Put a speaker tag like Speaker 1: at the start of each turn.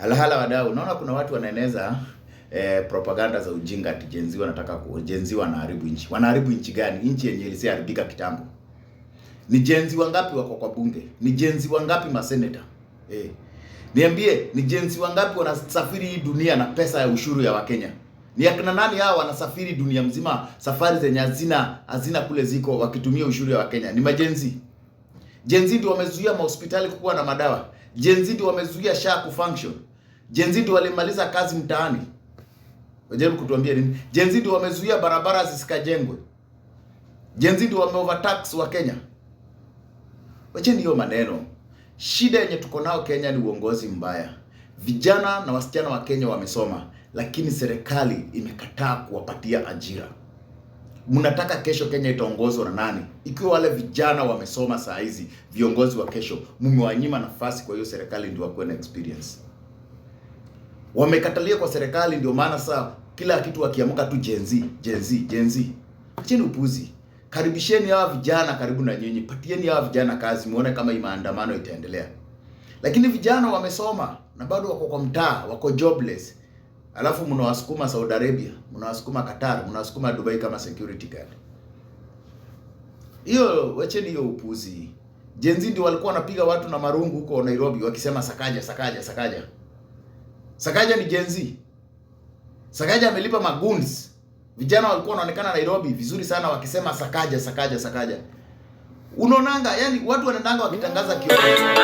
Speaker 1: Halahala wadau, unaona kuna watu wanaeneza eh, propaganda za ujinga ati Gen Z wanataka ku Gen Z wanaharibu nchi. Wanaharibu nchi gani? Nchi yenye ilishaharibika kitambo. Ni Gen Z wangapi wako kwa bunge? Ni Gen Z wangapi maseneta? Eh. Niambie, ni Gen Z wangapi wanasafiri hii dunia na pesa ya ushuru ya Wakenya? Ni akina nani hao wanasafiri dunia mzima safari zenye hazina hazina kule ziko wakitumia ushuru ya Wakenya? Ni majenzi. Jenzi ndio wamezuia mahospitali kukuwa na madawa. Jenzi ndio wamezuia SHA kufunction ndio walimaliza kazi mtaani, wajaribu kutuambia nini? ndio wamezuia barabara zisikajengwe. ndio wameovertax wa Kenya. Wacheni hiyo maneno. Shida yenye tuko nao Kenya ni uongozi mbaya. Vijana na wasichana wa Kenya wamesoma, lakini serikali imekataa kuwapatia ajira. Mnataka kesho Kenya itaongozwa na nani? Ikiwa wale vijana wamesoma saa hizi, viongozi wa kesho mmewanyima nafasi, kwa hiyo serikali ndio wakuwe na experience wamekatalia kwa serikali, ndio maana saa kila kitu akiamka tu Gen Z, Gen Z, Gen Z. Acheni upuzi. Karibisheni hawa vijana karibu na nyinyi, patieni hawa vijana kazi, muone kama hii maandamano itaendelea. Lakini vijana wamesoma na bado wako kwa mtaa, wako jobless. Alafu mnawasukuma Saudi Arabia, mnawasukuma Qatar, mnawasukuma Dubai kama security guard. Hiyo wacheni hiyo upuzi. Gen Z ndio walikuwa wanapiga watu na marungu huko Nairobi wakisema sakaja sakaja sakaja. Sakaja ni Gen Z. Sakaja amelipa magoons. Vijana walikuwa wanaonekana Nairobi vizuri sana wakisema Sakaja, Sakaja, Sakaja. Unaonanga, yani watu wanaendanga wakitangaza kiongozi.